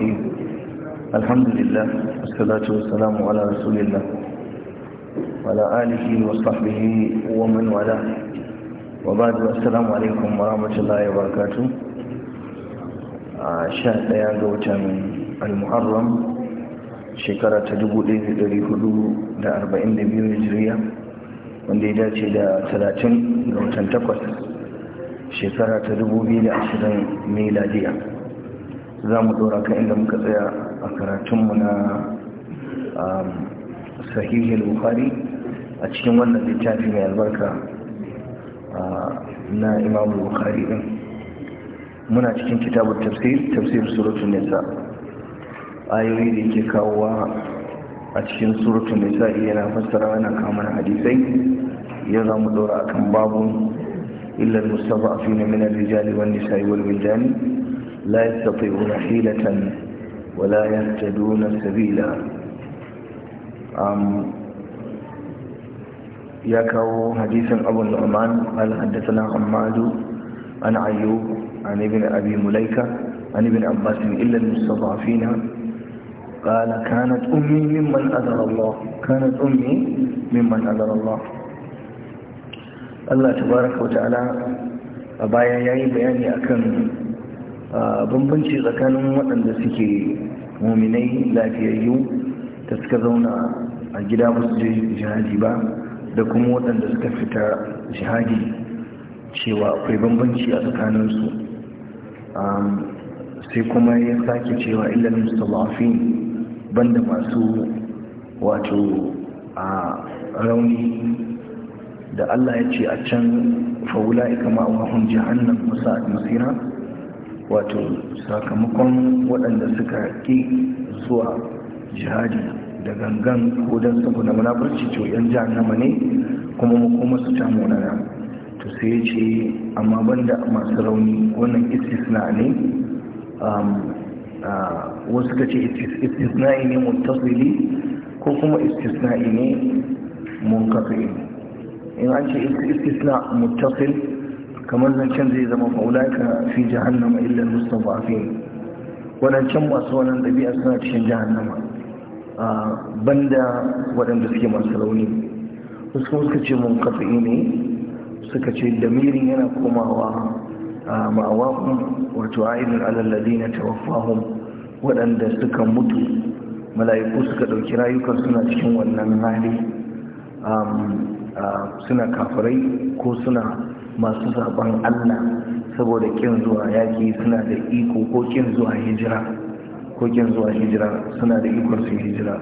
الرحيم الحمد لله والصلاة والسلام على رسول الله وعلى آله وصحبه ومن والاه وبعد السلام عليكم ورحمة الله وبركاته شهد ياغوة من المحرم شكرا تدبو ليه دري هدو دا أربعين دبيو هجرية ونديداتي دا ثلاثين لو تنتقل shekara ta 2020 miladiya za mu ɗora kan inda muka tsaya a karatunmu na um, al bukhari a cikin wannan littafi mai albarka uh, na imamu bukhari ɗin muna cikin kitabun tafsir tafsir suratun nisa ayoyi da yake kawowa a cikin suratun nisa yana fassara yana kamar hadisai yau za mu ɗora akan babu illar mustafa a fi na minar rijali wani sa'i wani لا يستطيعون حيلة ولا يهتدون سبيلا أم يكو حديث أبو النعمان قال حدثنا عماد عن أيوب عن ابن أبي مليكة عن ابن عباس إلا المستضعفين قال كانت أمي ممن أذر الله كانت أمي ممن أذر الله الله تبارك وتعالى أبايا يعيب يعني أكمل bambanci tsakanin waɗanda suke muminai lafiyayyu da suka zauna a gida ba su je jihadi ba da kuma waɗanda suka fita jihadi cewa akwai bambanci a tsakaninsu sai kuma ya sake cewa illar mustaphafi banda masu wato a rauni da allah ya ce a can faula ikama a wahun jihannan musa masira wato sakamakon waɗanda suka ƙi zuwa jihadi da gangan ko don na munafurci to yan nama ne kuma kuma su ta munana to sai ce amma banda masu rauni wannan istisna ne wasu ka ce istisna ne mutasili ko kuma istisna'i ne kafin in an ce istisna mutafil. kamar zancen zai zama faulaka fi jahannama illa mustada'afin wadancan masu wannan dabi'a suna cikin jahannama banda waɗanda suke masu rauni wasu suka ce mun kafi ne suka ce damirin yana komawa ma'awakun wato ainihin alalladi na tawaffahun waɗanda suka mutu mala'iku suka ɗauki rayukan suna cikin wannan hali suna kafirai ko suna masu zaben Allah saboda kin zuwa yaki suna da iko ko kin zuwa hijira ko kin zuwa hijira suna da ikon su hijira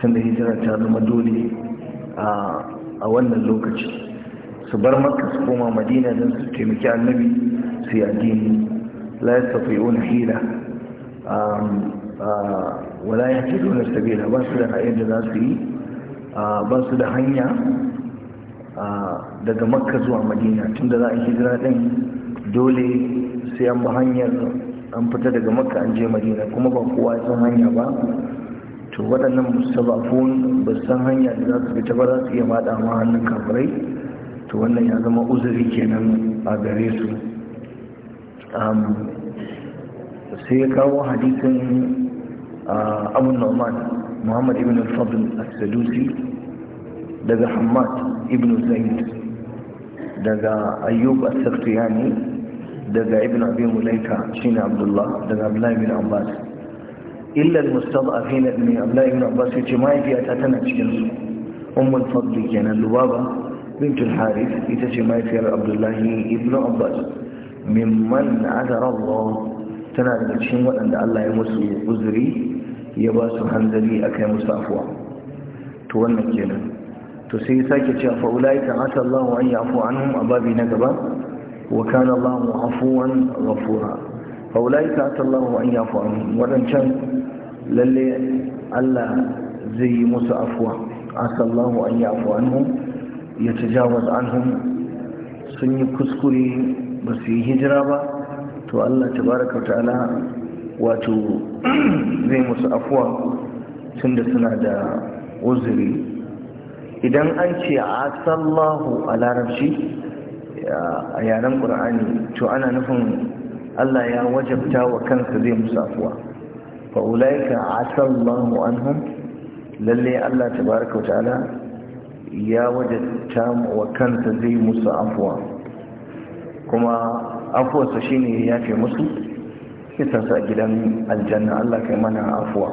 tunda hijira ta zama dole a wannan lokaci su bar makka su koma madina don su taimaki annabi su yi addini la yi hila wala yahtaduna sabila ba su da hanyar da za su yi ba su da hanya daga makka zuwa madina tunda za a hijira din dole sai an bi hanyar an fita daga makka an je madina kuma ba kowa ya san hanya ba to waɗannan musabafun ba san hanya da za su fita ba za su iya faɗa ma hannun kafirai to wannan ya zama uzuri kenan a gare su sai ya kawo hadisin abun nu'man muhammad ibn al-fadl as-sadusi daga hammad ibn zaid daga ayyub as-saktiyani daga ibn abi mulaika shine abdullah daga abdullah ibn abbas illa al-mustad'afin ne abdullah ibn abbas yace mahaifiyata tana cikin su ummul fadli kenan lubaba bint al-harith ita ce mahaifiyar abdullah ibn abbas mimman adara Allah tana daga cikin waɗanda Allah ya musu uzuri ya ba su hanzari a kai musu afuwa to wannan kenan to sai sake cewa fa ulaika asa Allahu an yafu anhum ababi na gaba wa kana Allahu afuwan ghafura fa ulaika asa Allahu an yafu anhum wadancan lalle Allah zai yi musu afuwa asa Allahu an yafu anhum ya tajawaz anhum sun yi kuskure ba su yi hijira ba to Allah Ta baraka ta'ala wato zai musu afuwa tunda suna da uzuri idan an ce asallahu a larabci a yaren ƙur'ani to ana nufin Allah ya wajabta wa kansa zai musu afuwa fa ulaika asallahu anhum lalle Allah tabaraka ta'ala ya wajabta wa kansa zai musu afuwa kuma afuwarsa shine ya fi musu kisan sa gidan aljanna Allah kai mana afuwa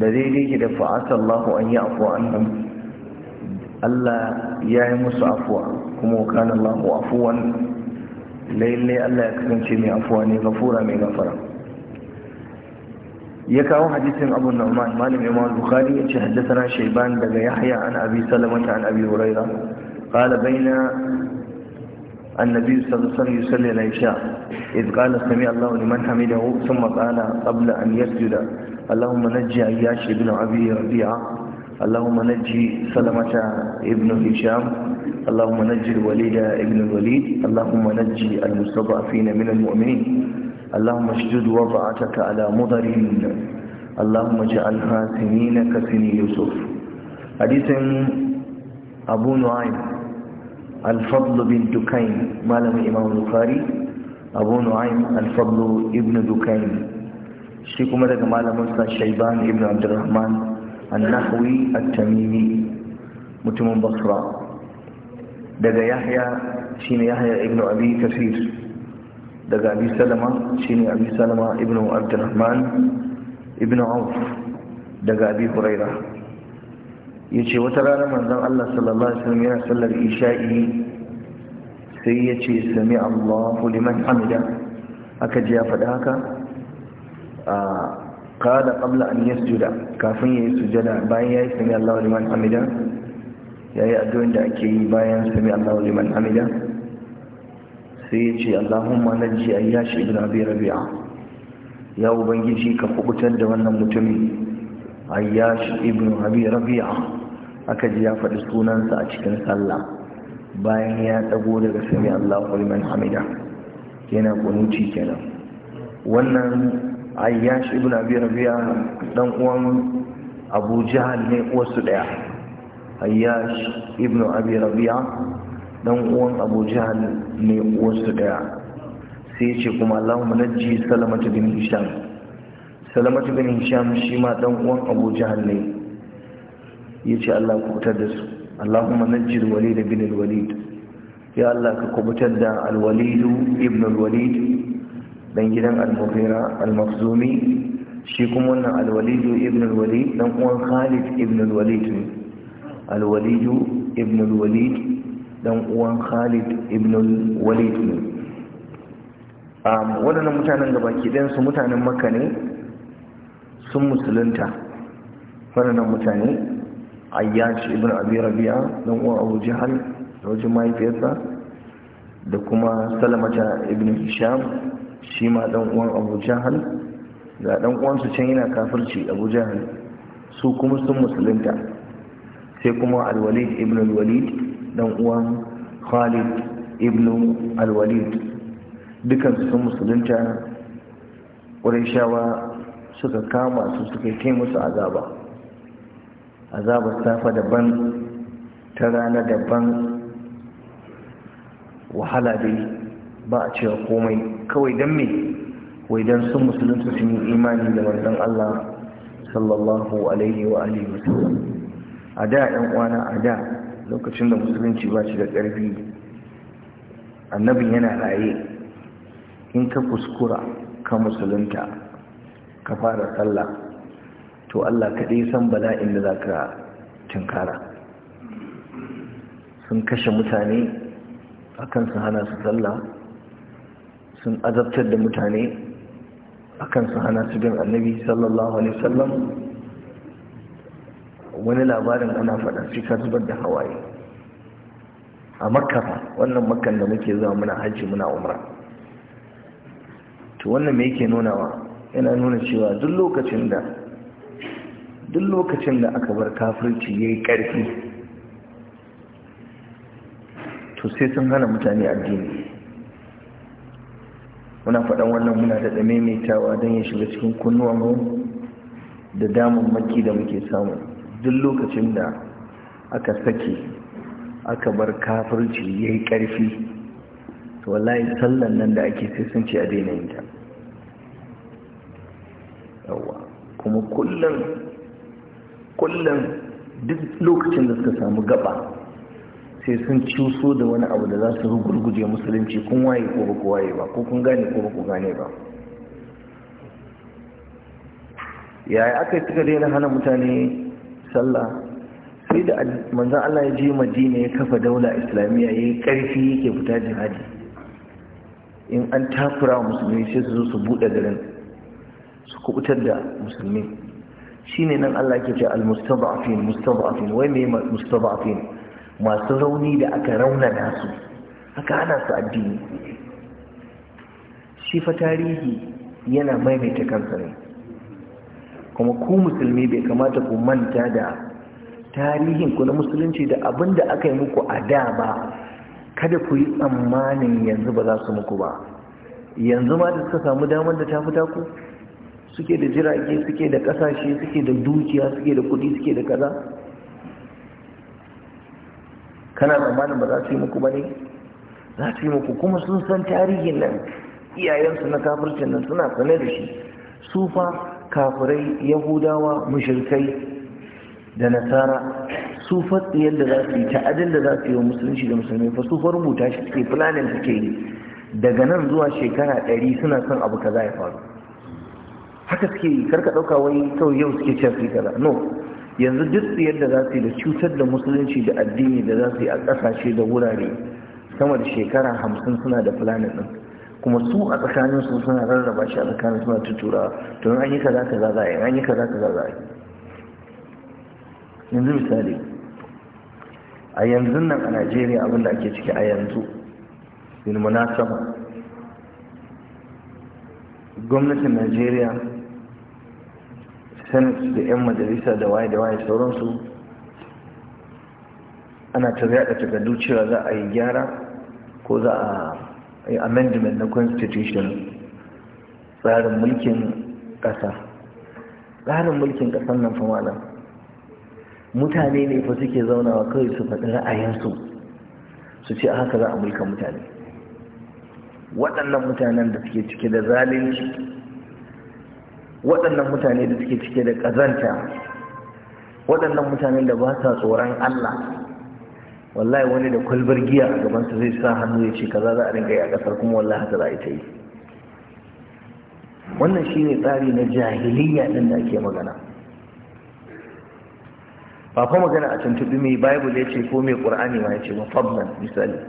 da daidai ki da fa asallahu an yi afuwa anhum Allah ya yi musu afuwa kuma wakan Allahu afuwan lalle Allah ya kasance mai afuwa ne gafura mai gafara ya kawo hadisin Abu Nu'man malam Imam Bukhari ya ce haddathana Shayban daga Yahya an Abi Salama an Abi Hurairah qala baina النبي صلى الله عليه وسلم يصلي العشاء إذ قال سمع الله لمن حمده ثم قال قبل أن يسجد اللهم نجي عياش بن أبي ربيعة اللهم نجي سلمة ابن هشام اللهم نجي الوليد ابن الوليد اللهم نجي المستضعفين من المؤمنين اللهم اشدد وضعتك على مضر اللهم اجعلها سنين كسن يوسف حديث أبو نعيم الفضل بن دكين مالم إمام البخاري أبو نعيم الفضل ابن دكين شيكم لك مالم شيبان ابن عبد الرحمن النحوي التميمي متم بصرة دقى يحيى شين يحيى ابن أبي كثير دقى أبي سلمة شين أبي سلمة ابن عبد الرحمن ابن عوف دقى أبي هريرة yace wata ranar manzon Allah sallallahu alaihi wasallam yana sallar isha'i sai yace sami Allahu liman hamida aka ji ya faɗi haka da kabla an sujuda kafin yayi sujada bayan yayi sami Allahu liman hamida yi addu'ar da ake yi bayan sami Allahu liman hamida sai ya ce Allahumma najji ayyashi ibn abi rabi'a ya ubangiji ka kubutar da wannan mutumin ayyashi ibn abi rabi'a aka ji ya faɗi sunansa a cikin sallah bayan ya dago daga sami Allahu liman hamida yana kunuci kenan wannan Ayyashi ibn abi rabi'a dan uwan abu jahal ne wasu daya ayyashi ibn abi rabi'a dan uwan abu jahal ne wasu daya sai ya ce kuma allahumma najji salamatu bin hisham salamatu bin hisham shi ma dan uwan abu jahal ne ya ce allah ku fitar da su allahumma najji walid bin walid ya allah ka kubutar da alwalidu ibn alwalid dan gidan al-mughira al-makhzumi shi kuma wannan al-walid ibn al-walid dan uwan khalid ibn al-walid ne al-walid ibn al-walid dan uwan khalid ibn al-walid ne um wadannan mutanen gabaki ɗayan su mutanen makka ne sun musulunta wadannan mutane ayyash ibn abi rabi'a dan uwan abu jahal da da kuma salamata ibn hisham shi ma dan uwan abu jahal ga dan uwansu can yana kafirci abu jahal su kuma sun musulunta sai kuma alwalid ibn alwalid dan uwan khalid ibn alwalid dukansu sun musulunta ƙurashawa suka kama su suka yi musu azaba azabar safa daban ta rana daban wahala dai ba a cewa komai kawai don me wai don sun musulunta sun yi imani da manzon Allah sallallahu alaihi wa alihi a da yan uwana a da lokacin da musulunci ba shi da ƙarfi annabin yana raye in ka kuskura ka musulunta ka fara sallah to Allah kaɗai san bala'in da za ka tunkara sun kashe mutane akan su hana su sallah sun azabtar da mutane akan su hana su bin annabi sallallahu alaihi sallam. wani labarin ana faɗa sai ka zubar da hawaye a Makara, wannan Makar da muke zuwa muna hajji muna umra to wannan me yake nunawa yana nuna cewa duk lokacin da duk lokacin da aka bar kafirci yayi ƙarfi to sai sun hana mutane addini muna faɗan wannan muna mai maimaitawa don ya shiga cikin mu da damun maki da muke samu duk lokacin da aka sake aka bar kafirci ya yi ƙarfi to wallahi sallan nan da ake sai sun ce a daina yin ta yawa kuma kullum kullum duk lokacin da suka samu gaba sai sun cuso da wani abu da za su rugurguje musulunci kun waye ko ba ku waye ba ko kun gane ko ba ku gane ba yaya aka yi suka daina hana mutane sallah sai da manzan Allah ya je madina ya kafa daula islamiyya ya yi ƙarfi yake fita jihadi in an takura wa musulmi sai su zo su buɗe garin su kubutar da musulmi shine nan Allah ke ce al-mustada'afin mustada'afin wai me mustada'afin masu rauni da aka raunana su aka ana su addini shi fa tarihi yana maimaita kansa ne kuma ku musulmi bai kamata ku manta da tarihin ku na musulunci da abin da aka yi muku a da ba kada ku yi tsammanin yanzu ba za su muku ba yanzu ma da suka samu damar da ta fita ku suke da jirage suke da kasashe suke da dukiya suke da kudi suke da kaza kana tsammanin ba za su yi muku ba ne za su yi muku kuma sun san tarihin nan iyayensu na kafircin nan suna sane da shi Sufa, kafirai yahudawa mashirkai da nasara su fa da za su yi ta'adin da za su yi wa musulunci da musulmai fa su rubuta shi suke planning suke yi daga nan zuwa shekara ɗari suna son abu kaza ya faru haka suke yi karka ɗauka wai kawai yau suke cewa su kaza no yanzu duk yadda za su yi da cutar da musulunci da addini da za su yi a ƙasashe da wurare sama da shekara hamsin suna da planet ɗin kuma su a tsakanin su suna rarraba shi a tsakanin suna tuturawa to an yi kaza kaza za a yi an yi kaza kaza za a yi yanzu misali a yanzu nan a najeriya abinda ake ciki a yanzu bin munasaba gwamnatin najeriya senate da 'yan majalisa da waye da waye sauransu ana ta yada takardu cewa za a yi gyara ko za a yi amendment na constitution tsarin mulkin ƙasa tsarin mulkin ƙasar nan fa malam mutane ne fa suke zaunawa kawai su faɗi ra'ayinsu su ce haka za a mulka mutane waɗannan mutanen da suke cike da zalunci waɗannan mutane da suke cike da ƙazanta waɗannan mutane da ba sa tsoron Allah wallahi wani da kwalbar giya a gabansa zai sa hannu ya ce kaza za a rinka yi a ƙasar kuma wallahi haka za a yi ta yi wannan shi ne tsari na jahiliya ɗin da ake magana ba fa magana a tuntuɓi mai bible ya ce ko mai ƙur'ani ma ya ce mafablan misali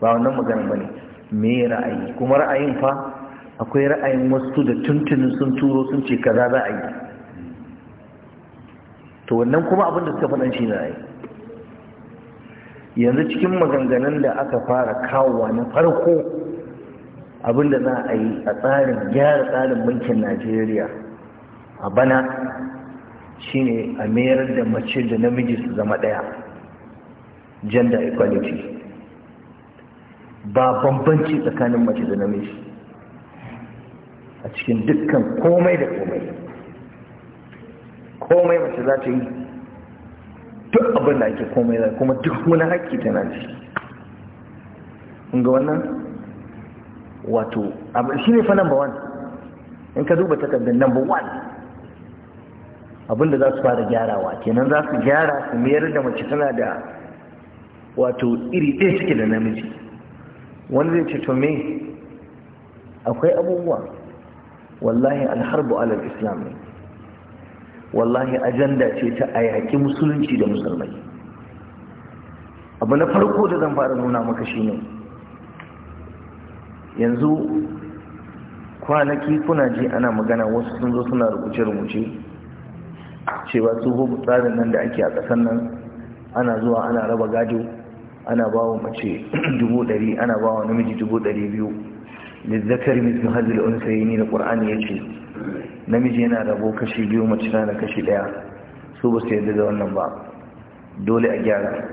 ba wannan magana ba ne me ra'ayi kuma ra'ayin fa akwai ra'ayin wasu da tuntunin sun turo sun ce kaza za a yi to wannan kuma abin da suka faɗan shi na yi yanzu cikin maganganun da aka fara kawowa na farko abin da za a yi a tsarin gyara tsarin bankin najeriya a bana shine a mayar da mace da namiji su zama ɗaya gender equality ba bambanci tsakanin mace da namiji a cikin dukkan komai da komai komai mace za ta yi duk abin da ake komai za kuma duk wani haƙƙi tana ciki ga wannan wato abin shi ne fa number one in ka duba takardar number one abinda za su fara gyarawa kenan za su gyara su mayar da mace tana da wato iri ɗaya suke da namiji wani zai ce to me akwai abubuwa wallahi alharbu alal islam ne wallahi ajanda ce ta a yaƙi musulunci da musulmai abu na farko da zan fara nuna maka shi ne. yanzu kwanaki kuna ji ana magana wasu sun zo suna rubuce-rubuce cewa su tsarin nan da ake a ƙasar nan ana zuwa ana raba gado ana ba wa mace dubu ɗari ana ba namiji dubu ɗari biyu lizzakari mislu hazil unsayni da qur'ani yace namiji yana raba kashi biyu mace na kashi daya su ba su da wannan ba dole a gyara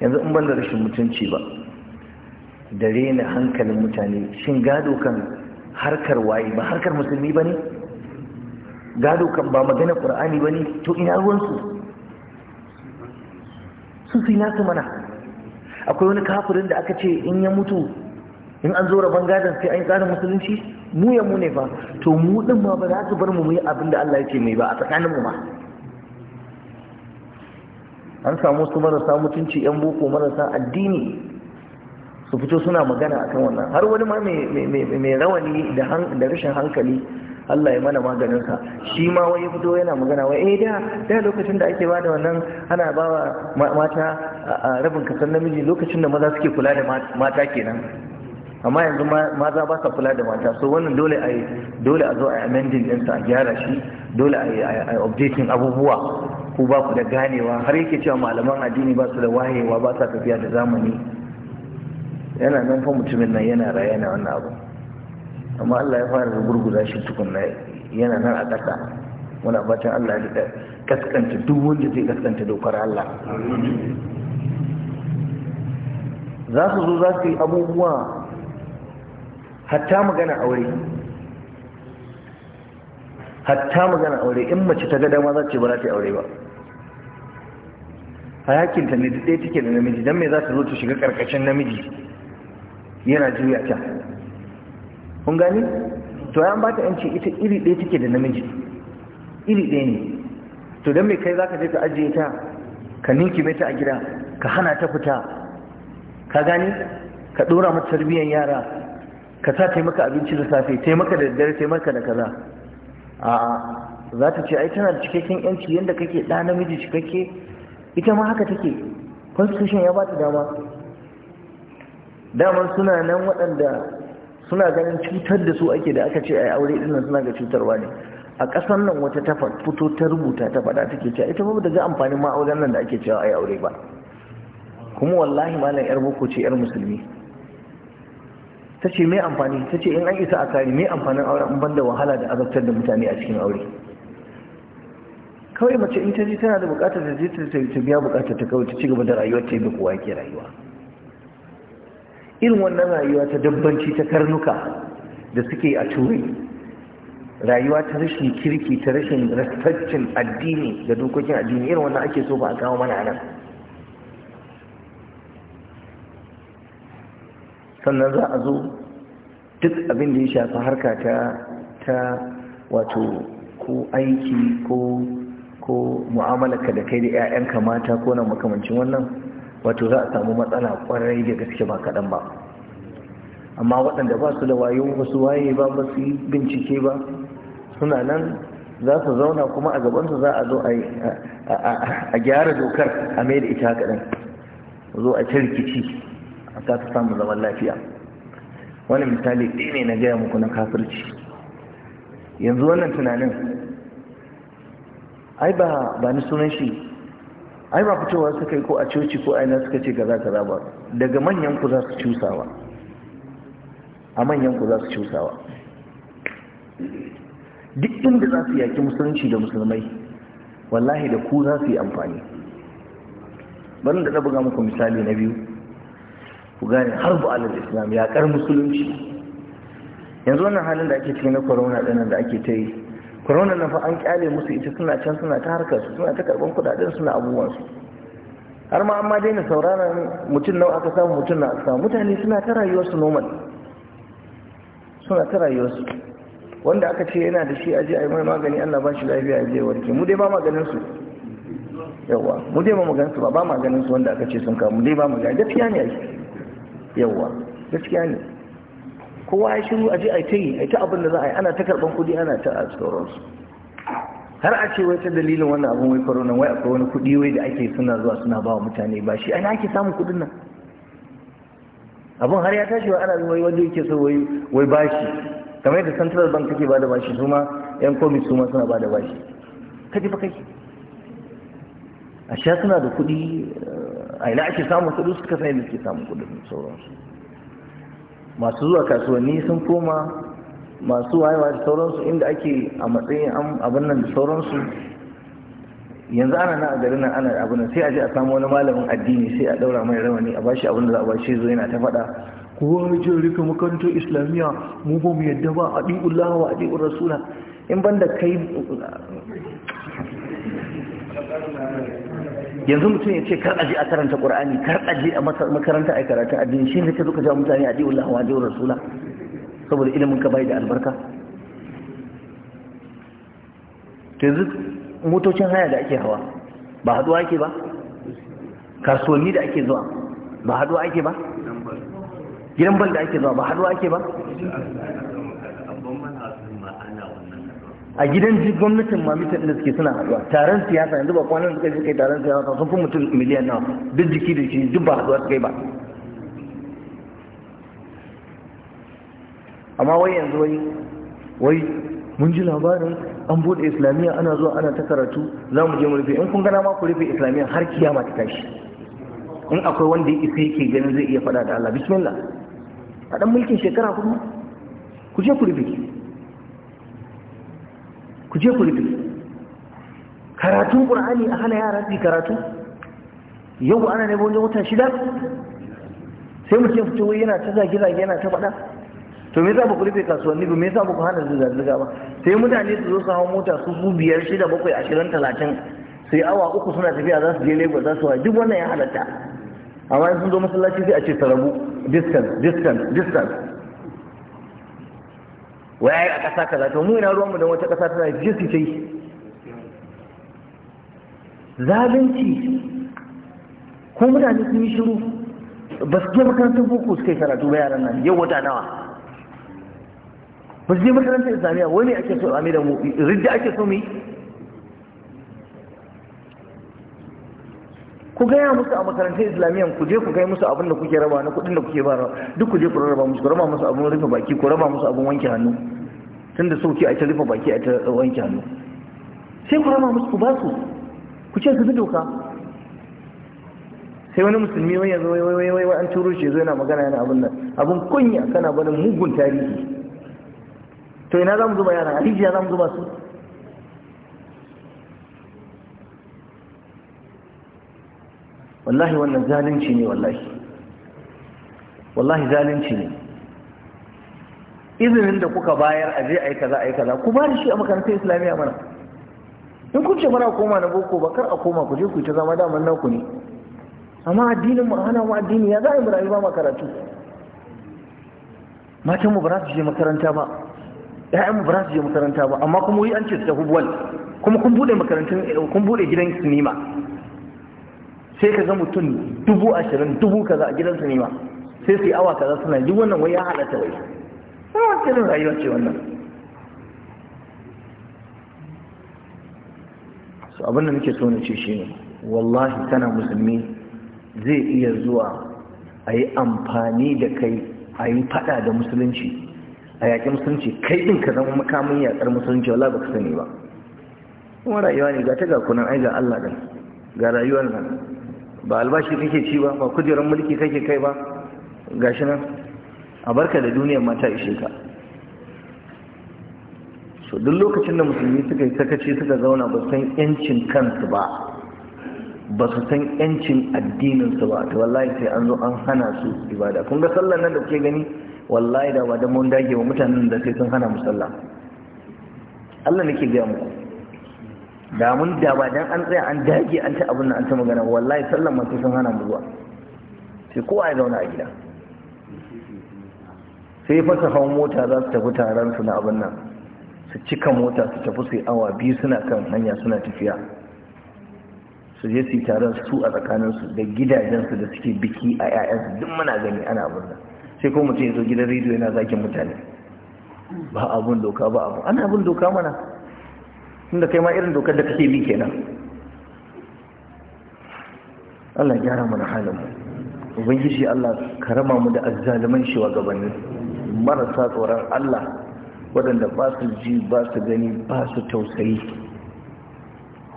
yanzu in ban da rashin mutunci ba da rena hankalin mutane shin gado harkar waye ba harkar musulmi ba ne gado ba magana ƙur'ani ba ne to ina ruwansu su su nasu mana akwai wani kafirin da aka ce in ya mutu in an zo rabon gadon sai an tsarin musulunci mu ya mu ne ba to mu din ma ba za su bar mu mu yi abin da Allah yake mai ba a tsakanin mu ma an samu su marasa mutunci yan boko marasa addini su fito suna magana akan wannan har wani ma mai rawani da rashin hankali Allah ya mana maganinsa shi ma wai ya fito yana magana wai eh da da lokacin da ake ba da wannan ana ba wa mata rabin kasar namiji lokacin da maza suke kula da mata kenan amma yanzu maza ba sa kula da mata so wannan dole a dole a zo a amending din sa a gyara shi dole a a updating abubuwa ku ba ku da ganewa har yake cewa malaman addini ba su da wayewa ba sa tafiya da zamani yana nan fa mutumin nan yana raye na wannan abu amma Allah ya fara gurguza shi nan yana nan a ƙasa muna fatan Allah ya kaskanta duk wanda zai kaskanta dokar Allah za su zo za su yi abubuwa hatta magana aure hatta magana aure in mace ta ga dama za ce ba za ta yi aure ba a yakinta ne duk ɗaya take da namiji don me za ta zo ta shiga ƙarƙashin namiji yana juya ta kun gani to yan ba ta yanci ita iri ɗaya take da namiji iri ɗaya ne to don me kai za ka je ka ajiye ta ka ninki mai ta a gida ka hana ta fita ka gani ka ɗora mata tarbiyyar yara ka sa taimaka abinci da safe taimaka da daddare taimaka da kaza a za ta ce ai tana da cikakken yanci yadda kake ɗa namiji cikakke ita ma haka take constitution ya ba ta dama Dama suna nan waɗanda suna ganin cutar da su ake da aka ce ai aure ɗin suna ga cutarwa ne a ƙasar nan wata ta fito ta rubuta ta faɗa take cewa ita ba da ga amfanin ma'auren nan da ake cewa ai aure ba kuma wallahi malam yar boko ce yar musulmi ta ce mai amfani ta ce in an isa a kari mai amfanin auren ban da wahala da azabtar da mutane a cikin aure kawai mace in ta ji tana da bukatar da zai ta biya bukatar ta kawai ta ci gaba da rayuwar ta yadda kowa ke rayuwa irin wannan rayuwa ta dabbanci ta karnuka da suke a turai rayuwa ta rashin kirki ta rashin rastaccin addini da dokokin addini irin wannan ake so ba a kawo mana nan sannan za a zo duk abin da ya shafa harka ta ta wato ko aiki ko ko ka da kai da 'ya'yanka mata ko nan makamancin wannan wato za a samu matsala kwarai da gaske ba kaɗan ba amma waɗanda ba su da wayo ba su waye ba ba su bincike ba suna nan za su zauna kuma a gaban su za a zo a gyara dokar a mai da ita kaɗan zo a ci rikici. za ta samu zaman lafiya wani misali ɗaya ne na gaya muku na kafirci yanzu wannan tunanin ai ba ba ni sunan shi ai ba fitowa suka yi ko a coci ko aina suka ce gaza gaza ba daga manyan ku za su cusawa a manyan ku za su cusawa duk inda za su yaki musulunci da musulmai wallahi da ku za su yi amfani bari da buga muku misali na biyu ku gane har alal islam yaƙar musulunci yanzu wannan halin da ake cikin na corona ɗin da ake ta yi corona na fa an kyale musu ita suna can suna ta harkar su suna ta karban kudaden suna abubuwan su har ma an ma daina sauraron mutum nawa aka samu mutum na aka samu mutane suna ta rayuwar su normal suna ta rayuwar su wanda aka ce yana da shi aje a yi mai magani Allah ba shi lafiya aje warke mu dai ba maganin su yawa mu dai ba maganin su ba ba maganin su wanda aka ce sun kamu dai ba maganin gaskiya ne ake yawa gaskiya ne kowa ya shiru a je a ta yi a ta abin da za a yi ana ta karɓar kuɗi ana ta a sauransu har a ce wai ta dalilin wannan abin wai korona, wai akwai wani kuɗi wai da ake suna zuwa suna ba wa mutane ba shi ana ake samun kuɗin nan abin har ya tashi wa ana wai wanda yake so wai wai bashi kamar yadda central bank take ba da bashi su ma yan komi su ma suna ba da bashi kaji fa kai a sha suna da kuɗi a ina ake samun kudu suka sani da suke samun kudin sauransu masu zuwa kasuwanni sun koma masu wayewa da sauransu inda ake a matsayin abin nan da sauransu yanzu ana na a garin nan ana abin nan sai a je a samu wani malamin addini sai a daura mai rawani a bashi abin da za a bashi zo yana ta faɗa kowa ya je rika makarantar islamiyya mu ba mu yadda ba a ɗi'ullah lawa, a ɗi'ur rasula in ban da kai yanzu mutum ya ce kar aje a karanta qur'ani kar aje a makaranta a karatun addini shi ne ka zo ka mutane a diwul lahawa wa rasula saboda ilimin ka bai da albarka Ta yanzu motocin haya da ake hawa ba haduwa ake ba kasuwanni da ake zuwa ba haduwa ake ba gidan bal da ake zuwa ba haduwa ake ba a gidan gwamnatin ma inda suke suna haɗuwa taron siyasa yanzu ba kwanan suka suka yi taron siyasa sun fi mutum miliyan nawa duk jiki da shi duk ba haɗuwa suka yi ba amma wai yanzu wai wai mun ji labarin an bude islamiyya ana zuwa ana ta karatu za mu je mu rufe in kun gana ma ku rufe islamiyya har kiyama ta tashi in akwai wanda ya isa yake ganin zai iya faɗa da Allah bismillah a ɗan mulkin shekara kuma ku je ku rufe ku je ku rufe karatun ƙur'ani a hana yara su karatu yau ana ne wajen wata shida sai mutum fito wai yana ta zage-zage yana ta faɗa to me za ku rufe kasuwanni ba me za ku hana da zuga ba sai mutane su zo su hau mota su su biyar shida bakwai ashirin talatin sai awa uku suna tafiya za su je lagos za su duk wannan ya halatta amma sun zo masallaci sai a ce ta rabu distance distance distance waye a ƙasa kaza to mu ina ruwan mu don wata ƙasa tana jinsi ce zalunci ko mutane sun yi shiru ba su je makarantar boko suka yi karatu ba yaran nan yau wata nawa ba su je makarantar islamiyya wani ake so a da mu ridda ake so mu yi ku gaya musu a makarantar islamiyyan ku je ku kai musu abin da kuke raba na kuɗin da kuke ba duk ku je ku raba musu ku raba musu abin rufe baki ku raba musu abin wanke hannu tun da sauki a ta rufe baki a ta wanke hannu sai ku raba musu ku ba su ku ce su bi doka sai wani musulmi wai ya zo wai wai wai an turo shi zo yana magana yana abin nan abin kunya kana barin mugun tarihi to ina za mu zuba yara a rijiya za mu zuba su wallahi wannan zalunci ne wallahi wallahi zalunci ne izinin da kuka bayar a je a yi kaza a yi kaza ku ba shi a makarantar islamiyya mana in kun ce mana koma na boko ba kar a koma ku je ku ta zama daman naku ne amma addinin mu hana mu addini ya za a yi mu rayuwa ma matan mu ba za su je makaranta ba ƴaƴan mu ba za su je makaranta ba amma kuma wai an ce su tafi bol kuma kun bude makarantun kun bude gidan sinima sai ka ga mutum dubu ashirin dubu kaza a gidansa ne ma sai su yi awa kaza suna duk wannan wai ya halatta wai ta irin rayuwa ce wannan su abin da nake so na ce shi ne wallahi kana musulmi zai iya zuwa a yi amfani da kai a yi fada da musulunci a yaƙi musulunci kai ɗin ka zama makamin yaƙar musulunci wala ba ka sani ba kuma rayuwa ne ga ta ga kunan ai ga Allah ɗin ga rayuwar nan ba albashi kake ci ba ba kujerar mulki kake kai ba gashi nan a barka da duniyar mata ishe ka so duk lokacin da musulmi suka yi sakaci suka zauna ba san yancin kansu ba ba su san yancin addininsu ba to wallahi sai an zo an hana su ibada kun ga sallar nan da kuke gani wallahi da ba da mun dage wa mutanen da sai sun hana musalla. Allah nake gaya muku da mun da ba dan an tsaya an dage an ta abin an ta magana wallahi sallan ma sun hana mu zuwa sai kowa ya zauna a gida sai fasa hawan mota za su tafi taron su na abin nan su cika mota su tafi su awa biyu suna kan hanya suna tafiya su je su yi taron su a tsakaninsu da gidajen su da suke biki a 'ya'yansu duk muna gani ana abin nan sai ko mutum ya zo gidan rediyo yana zakin mutane ba abun doka ba abun ana abun doka mana inda kai ma irin dokar da kake bi kenan Allah gyara mana halin mu ubangiji Allah karama mu da azzaluman shi wa gabanin marasa tsoron Allah waɗanda ba su ji ba su gani ba su tausayi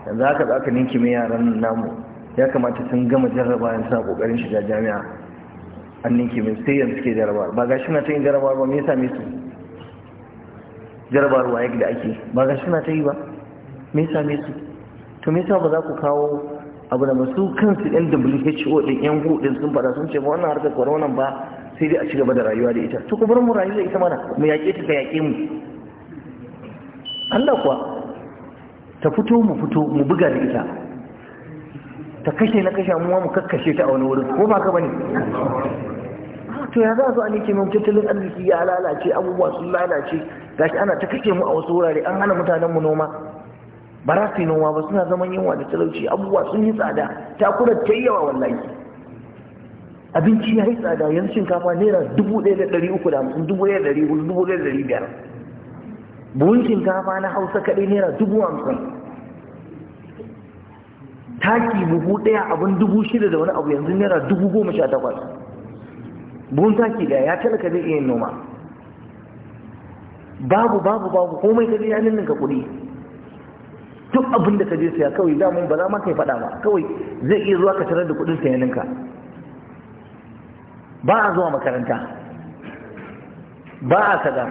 yanzu haka za ka ninki mai yaran namu ya kamata sun gama jarraba yan suna ƙoƙarin shiga jami'a an ninki mai sai yanzu suke jarraba ba ga shi na ta yin jarraba ba me yasa me su jarraba ruwa da ake ba ga shi na ta yi ba me same su to me ba za ku kawo abu da masu kansu yan WHO din yan gudun sun fada sun ce ba wannan harkar corona ba sai dai a ci gaba da rayuwa da ita to ku bar mu rayu da ita mana mu yaƙe ta yaƙe mu Allah kuwa ta fito mu fito mu buga da ita ta kashe na kashe muwa mu kakkashe ta a wani wurin ko ba ka bane to ya za su an yake mun tattalin arziki ya lalace abubuwa sun lalace gashi ana ta kashe mu a wasu wurare an hana mutanen mu noma ba za su yi noma ba suna zaman yunwa da talauci abubuwa sun yi tsada kura ta yi yawa wallahi abinci ya yi tsada yanzu shinkafa naira dubu ɗaya da ɗari uku da hamsin dubu ɗaya da ɗari hudu dubu ɗaya da ɗari biyar buhun shinkafa na hausa kaɗai naira dubu hamsin taki buhu ɗaya abin dubu shida da wani abu yanzu naira dubu goma sha takwas buhun taki ɗaya ya talaka zai iya noma babu babu babu komai ka zai ya ninninka kuɗi duk abin da ka je saya kawai damun ba za ma kai faɗa ba kawai zai iya zuwa ka tarar da kuɗin sayaninka ba a zuwa makaranta ba a kaza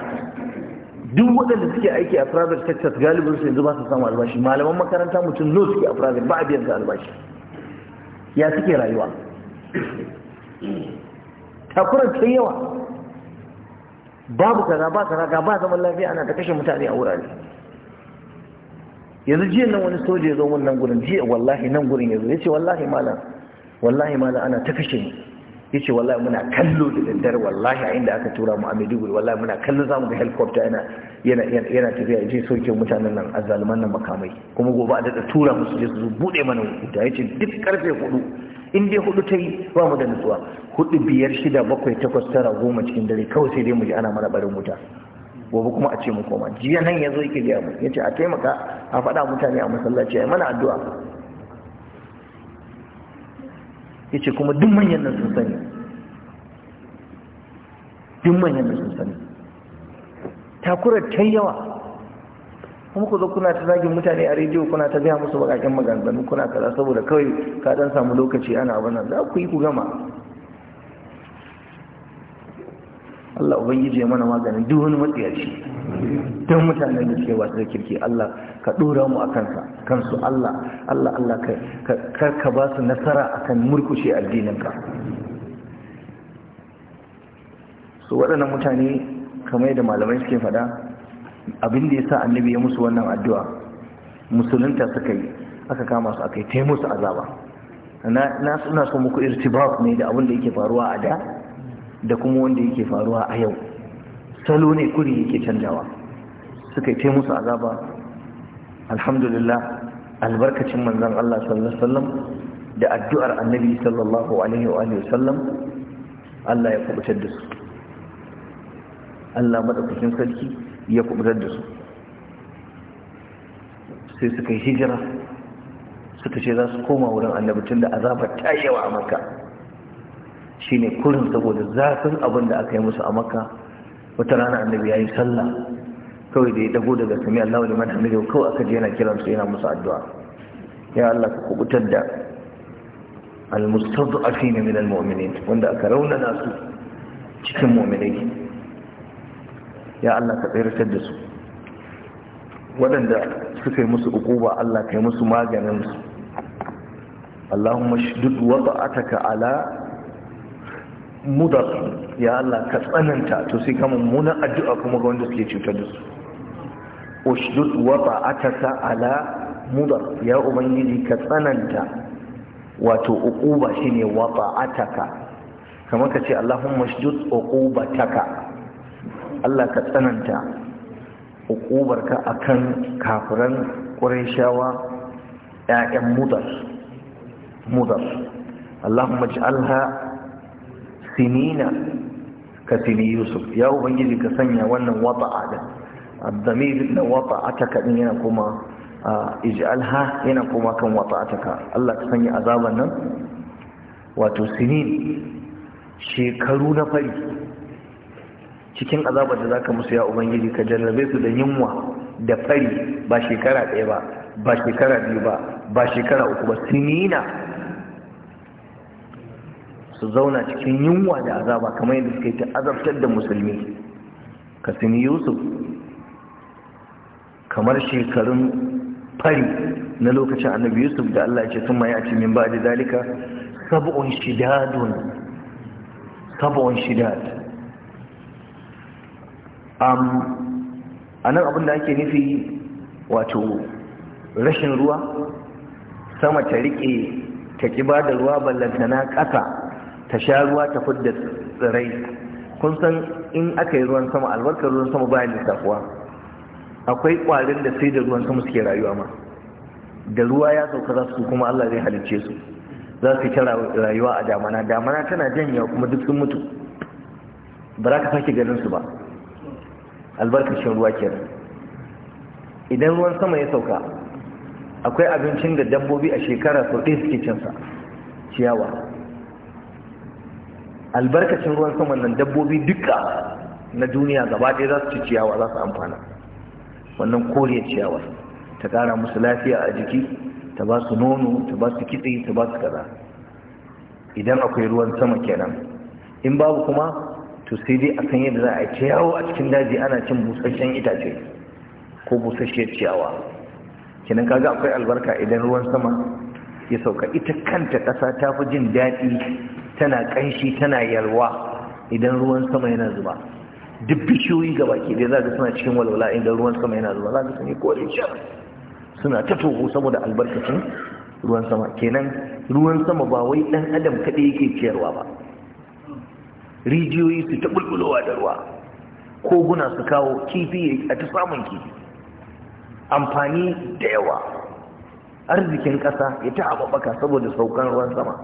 duk waɗanda suke aiki a private sector galibin su yanzu ba su samu albashi malaman makaranta mutum no suke a private ba a biyan su albashi ya suke rayuwa takurar ta yawa babu kaza ba kaza ga ba zaman lafiya ana ta kashe mutane a wurare yanzu jiya nan wani soja ya zo mun nan gurin jiya wallahi nan gurin ya zo ya ce wallahi malam wallahi malam ana ta kashe ni ya ce wallahi muna kallo da daddare wallahi a inda aka tura mu a maiduguri wallahi muna kallo za mu ga helicopter yana tafiya je sauke mutanen nan a nan makamai kuma gobe a daɗa tura musu je su buɗe mana wuta ya ce duk karfe hudu in dai hudu ta yi ba mu da nutsuwa hudu biyar shida bakwai takwas tara goma cikin dare kawai sai dai mu ji ana mana barin wuta gobe kuma a ce mu koma jiya nan ya zo yake gaya mu ya ce a taimaka a faɗa mutane a masallaci a mana addu'a ya ce kuma duk manyan nan sun sani duk manyan nan sun sani takurar ta yawa kuma ku zo kuna ta zagin mutane a rediyo kuna ta gaya musu baƙaƙen maganganu kuna kaza saboda kawai ka ɗan samu lokaci ana abin nan za ku yi ku gama Allah ubangiji ya mana maganin duk wani matsiyaci don mutanen da ke wasu da kirki Allah ka ɗora mu a kansa kansu Allah Allah Allah ka ka ba su nasara akan murkushe addininka su waɗannan mutane kamar yadda malamai suke faɗa abin da ya sa annabi ya musu wannan addu'a musulunta suka yi aka kama su aka yi taimusu azaba na suna so muku irtibaf ne da abin da yake faruwa a da da kuma wanda yake faruwa a yau salo ne kuri yake canjawa suka yi musu azaba alhamdulillah albarkacin manzan Allah sallallahu alaihi wasallam da addu'ar annabi sallallahu alaihi wa sallam Allah ya kubutar da su Allah madaukakin sarki ya kubutar da su sai suka yi hijira suka ce za su koma wurin annabi tun da azabar ta yawa a maka Shi ne kurin saboda zafin abin da aka yi musu a makka wata rana annabi ya yi sallah kawai da ya dago daga sami allahu liman hamidu kawai aka je yana kiran su yana musu addu'a ya allah ka kubutar da almustad'afin min almu'minin wanda aka raunana su cikin mu'minai ya allah ka tsayar da su waɗanda suka yi musu ukuba allah ka yi musu maganin su اللهم اشدد وضعتك على mudar ya Allah ka tsananta to sai kama mummunan addu'a kuma ga wanda suke cutar da su ushdud wa sa ala mudar ya ubangiji ka tsananta wato uquba ne wa ba'ataka kamar ka ce Allahumma ushdud uqubataka Allah ka tsananta a kan kafiran qurayshawa ƴaƴan mudar mudar Allahumma ij'alha sinina ka sini yusuf ya ubangiji ka sanya wannan wata'a da الضمير na wata'ataka din yana kuma ij'alha yana kuma kan taka. Allah ka sanya azaban nan wato sinin shekaru na fari cikin azabar da za ka musu ya ubangiji ka jarrabe su da yunwa da fari ba shekara ɗaya ba ba shekara biyu ba ba shekara uku ba sinina su zauna cikin yunwa da azaba kamar yadda suka yi ta azabtar da musulmi ka yusuf kamar shekarun fari na lokacin annabi yusuf da allah ce sun maye a cikin ba da dalika sab'un shidadun sab'un shidad a nan abinda ake nufi wato rashin ruwa sama ta riƙe ta ƙi ba da ruwa ballantana ƙasa ta sha ruwa ta fudda tsirai kun san in aka yi ruwan sama albarkar ruwan sama bayan safuwa akwai ƙwarin da sai da ruwan sama suke rayuwa ma da ruwa ya sauka za su kuma Allah zai halicce su za su ta rayuwa a damana damana tana janyewa kuma duk sun mutu ba za ka sake ganin su ba albarkacin ruwa kenan idan ruwan sama ya sauka akwai abincin da dabbobi a shekara sau ɗaya suke cinsa ciyawa albarkacin ruwan sama nan dabbobi duka na duniya gaba ɗaya za su ci ciyawa za su amfana wannan koriya ciyawa ta ƙara musu lafiya a jiki ta ba su nono ta ba su kitse ta ba su kaza idan akwai ruwan sama kenan in babu kuma to sai dai a san yadda za a yi ciyawa a cikin daji ana cin busasshen itace ko busasshen ciyawa kenan kaga akwai albarka idan ruwan sama ya sauka ita kanta ƙasa ta fi jin daɗi tana ƙanshi tana yalwa idan ruwan sama yana zuba duk bishiyoyi gaba ke dai za ga suna cikin walwala idan ruwan sama yana zuba za ga sun yi kore shar suna ta toho saboda albarkacin ruwan sama kenan ruwan sama ba wai ɗan adam kaɗai yake ciyarwa ba rijiyoyi su ta bulbulowa da ruwa koguna su kawo kifi a ta samun kifi amfani da yawa arzikin ƙasa ya ta haɓaɓaka saboda saukan ruwan sama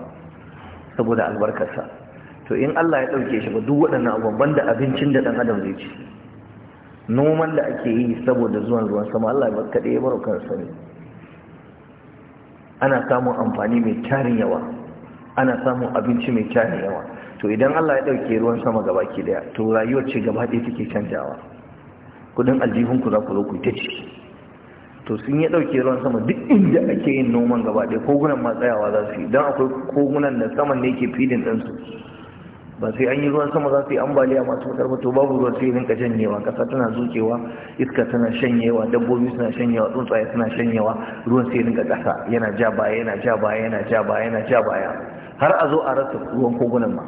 saboda albarkarsa to in Allah ya ɗauke shi ba duk waɗannan abubuwan da abincin da ɗan adam zai ci noman da ake yi saboda zuwan ruwan sama Allah ya kaɗe ya baro kansa ne ana samun amfani mai tarin yawa ana samun abinci mai tarin yawa to idan Allah ya ɗauke ruwan sama gaba ke daya to rayuwar ce gaba ɗaya take canjawa kudin aljihunku za ku zo ku ta ci to sun yi ɗauki ruwan sama duk inda ake yin noman gaba ɗaya kogunan ma tsayawa za su yi don akwai kogunan da saman ne ke fidin ɗansu. ba sai an yi ruwan sama za su yi ambaliya masu wutar ba babu ruwan sai rinka janyewa ƙasa tana zukewa iska tana shanyewa dabbobi suna shanyewa tsuntsaye suna shanyewa ruwan sai rinka ƙasa yana ja baya yana ja baya yana ja baya yana ja baya har a zo a rasa ruwan kogunan ma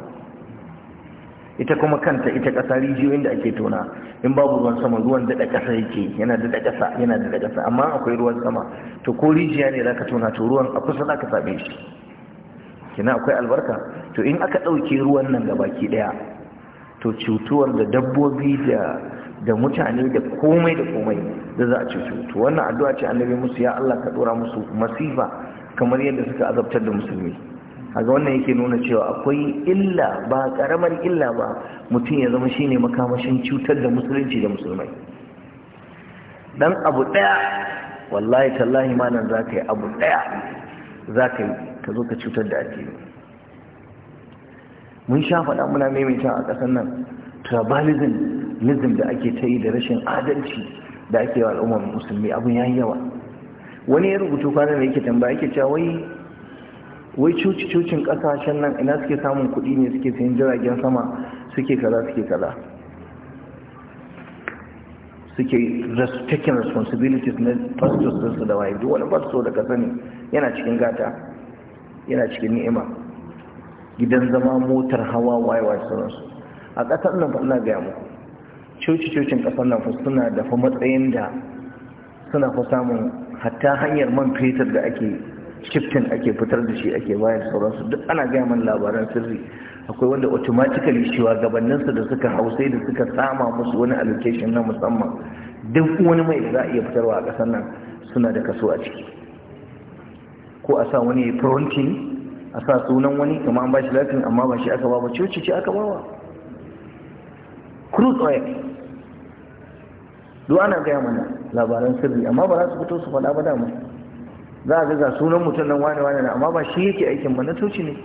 ita kuma kanta ita ƙasa rijiyoyin da ake tona in babu ruwan sama ruwan daɗa ƙasa yake yana daɗa ƙasa yana daɗa ƙasa amma akwai ruwan sama to ko rijiya ne zaka tona to ruwan a kusa zaka same shi kina akwai albarka to in aka ɗauke ruwan nan gabaki ɗaya to cutuwar da dabbobi da da mutane da komai da komai da za a cutu to wannan addu'a ce annabi musu ya Allah ka ɗora musu masifa kamar yadda suka azabtar da musulmi kaga wannan yake nuna cewa akwai illa ba karamar illa ba mutum ya zama shine makamashin cutar da musulunci da musulmai dan abu daya wallahi tallahi malam zaka yi abu daya zaka ka zo ka cutar da addini mun sha faɗa muna maimaita a ƙasar nan tribalism lism da ake ta yi da rashin adalci da ake wa al'ummar musulmi abin yayi yawa wani ya rubutu kwanan da yake tambaya yake cewa wai wai cuci cucin kasashen nan ina suke samun kuɗi ne suke sayan jiragen sama suke kaza suke kaza suke taking responsibilities na pastors din su da waye duk wani pastor da kasa sani yana cikin gata yana cikin ni'ima gidan zama motar hawa waye waye sauransu a ƙasar nan fa ina gaya muku coci cocin ƙasar nan fa suna da fa matsayin da suna fa samun hatta hanyar man fetur da ake shiftin ake fitar da shi ake bayar sauransu duk ana gaya mana labaran sirri akwai wanda automatically gabaninsu da suka hausai da suka sama musu wani allocation na musamman duk wani mai da za a iya fitarwa a ƙasar nan suna da kaso a ciki ko a sa wani fronting a sa sunan wani kama an ba shi latin amma ba shi aka ba ba coci ce aka ba wa crude oil duk ana gaya mana labaran sirri amma ba za su fito su faɗa ba da mu. za a ga sunan mutum nan wane wane na amma ba shi yake aikin ba na toci ne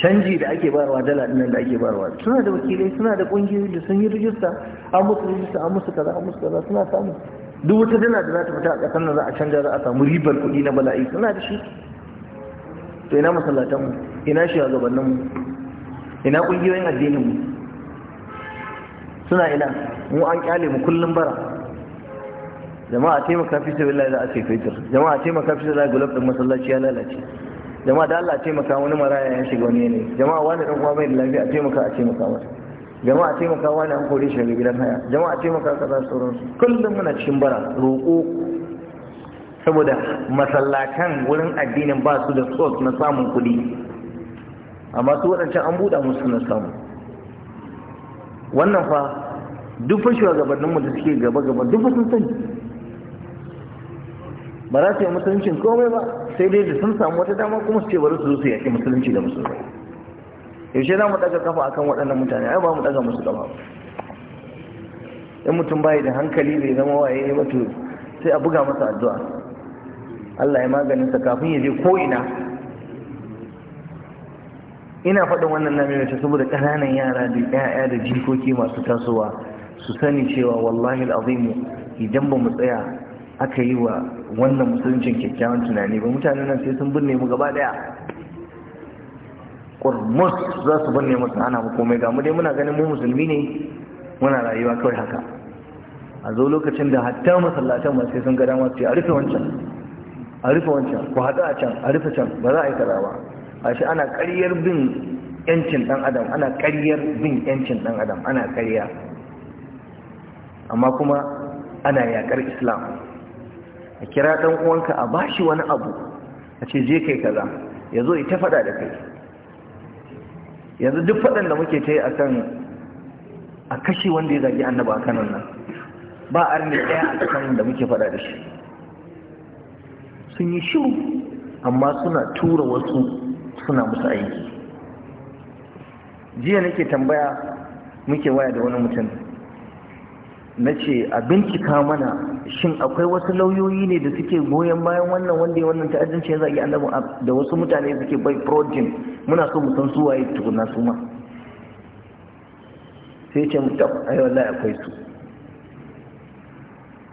canji da ake barwa dala ɗin da ake barwa suna da wakilai suna da ƙungiyoyi da sun yi rijista an musu rijista an musu kaza an musu kaza suna samu duk wata dala da za ta fita a ƙasar nan za a canja za a samu ribar kuɗi na bala'i suna da shi to ina masallatanmu ina shugabanninmu ina ƙungiyoyin addininmu suna ina mu an kyale mu kullum bara jama'a taimaka fi sabilillah za a ce fetur jama'a taimaka fi sabilillah gulab din masallaci ya lalace jama'a da Allah taimaka wani maraya ya shiga wani yanayi jama'a wani dan uwa da lafiya taimaka a taimaka masa jama'a maka wani an kore shi daga gidan haya jama'a taimaka kaza sauransu kullum muna cikin bara roƙo saboda masallatan wurin addinin ba su da sos na samun kuɗi amma su waɗancan an buɗa musu na samu wannan fa duk fa shugabanninmu da suke gaba-gaba duk fa sun sani ba za su yi musuluncin komai ba sai dai da sun samu wata dama kuma su ce bari su zo su yaƙi musulunci da musulmai yaushe za mu ɗaga kafa akan waɗannan mutane ai ba mu ɗaga musu kafa in mutum bayi da hankali bai zama waye ne ba to sai a buga masa addu'a Allah ya maganin sa kafin ya je ko ina ina faɗin wannan namin ta saboda ƙananan yara da ƴaƴa da jikoki masu tasowa su sani cewa wallahi al'azimu idan ba mu tsaya aka yi wa wannan musuluncin kyakkyawan tunani ba mutanen nan sai sun binne mu gaba daya kurmus za su binne mu ana mu komai ga mu dai muna ganin mu musulmi ne muna rayuwa kawai haka a zo lokacin da hatta masallatan ma sai sun ga dama sai a rufe wancan a rufe wancan ku haɗu a can a rufe can ba za a yi karawa a shi ana ƙaryar bin yancin ɗan adam ana ƙaryar bin yancin ɗan adam ana ƙarya amma kuma ana yaƙar islam a kira ɗan uwanka a bashi wani abu a ce je kai kaza ya zo ita faɗa da kai yanzu duk faɗan da muke ta yi a a kashe wanda ya zagi annaba a kanan nan ba a rinne ɗaya a kan da muke faɗa da shi sun yi shiru amma suna tura wasu suna musu aiki jiya nake tambaya muke waya da wani mutum na ce a bincika mana shin akwai wasu lauyoyi ne da suke goyon bayan wannan wanda ya wannan ta'addanci ya zagi annabi da wasu mutane suke bai protein muna so mu san su waye tukuna su ma sai ce mutum ai wallahi akwai su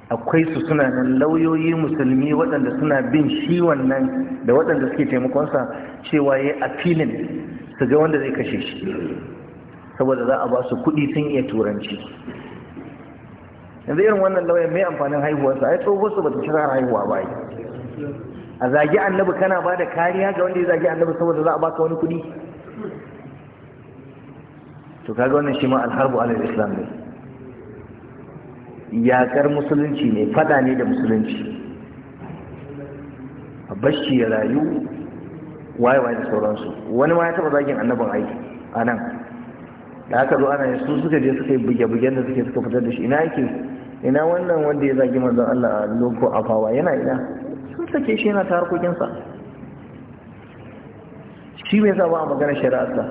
akwai su suna nan lauyoyi musulmi waɗanda suna bin shi wannan da waɗanda suke taimakon sa cewa ya a filin su ga wanda zai kashe shi saboda za a ba su kuɗi sun iya turanci yanzu irin wannan lauyan mai amfanin haihuwarsa ai su ba ta ci haihuwa ba a zagi annabi kana ba da kariya ga wanda ya zagi annabi saboda za a baka wani kuɗi to kaga wannan shi ma alharbu alal islam ne yakar musulunci ne fada ne da musulunci a bashi ya rayu waye waye da sauransu wani ma ya taɓa zagin annabin aiki a nan da aka zo ana su suka je suka yi buge-bugen da suke suka fitar da shi ina yake ina wannan wanda ya zagi manzon Allah a loko a fawa yana ina sun sake shi yana ta harkokinsa shi mai sa ba a magana shari'arsa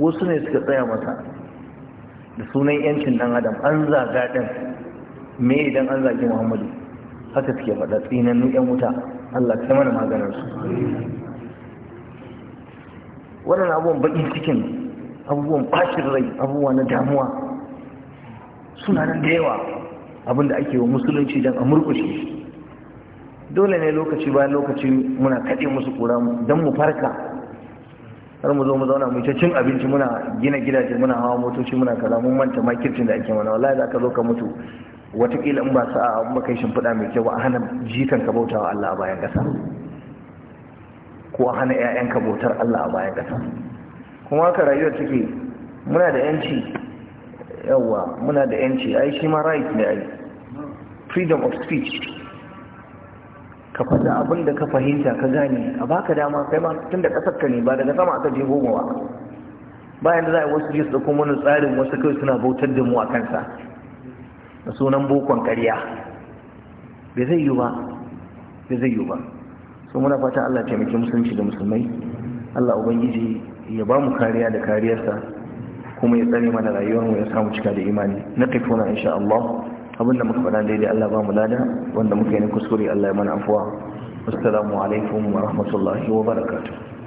wasu ne suka tsaya masa da sunan yancin dan adam an zaga ɗin me idan an zagi muhammadu haka suke faɗa tsinannu yan wuta Allah ta mana maganarsu waɗannan abubuwan baƙin cikin abubuwan bashin rai abubuwa na damuwa suna nan da yawa abinda ake wa musulunci don a murkushe dole ne lokaci bayan lokaci muna kaɗe musu kura don mu farka har mu zo mu zauna mu ta cin abinci muna gina gidaje muna hawa motoci muna kaza mun manta makircin da ake mana wallahi za ka zo ka mutu watakila in ba sa'a a ba kai shimfiɗa mai kyau a hana jikan ka bautawa Allah a bayan ƙasa ko a hana 'ya'yanka bautar Allah a bayan ƙasa kuma haka rayuwar take muna da yanci yawa muna da yanci ai shi ma right ne ai freedom of speech ka faɗa abin ka fahimta ka gane a baka dama kai ma tun da ƙasar ka ne ba daga sama aka je goma ba bayan da za a yi wasu jesu da kuma wani tsarin wasu kai suna bautar da mu a kansa da sunan bokon ƙarya bai zai yi ba bai zai yi ba so muna fatan Allah taimaki musulunci da musulmai Allah ubangiji ya ba mu kariya da kariyarsa kuma ya tsare mana rayuwar mu ya samu cika da imani na tafiya insha Allah abinda muka faɗa daidai Allah ba mu lada wanda muka yi kuskure Allah ya mana afuwa assalamu alaikum wa rahmatullahi wa barakatuh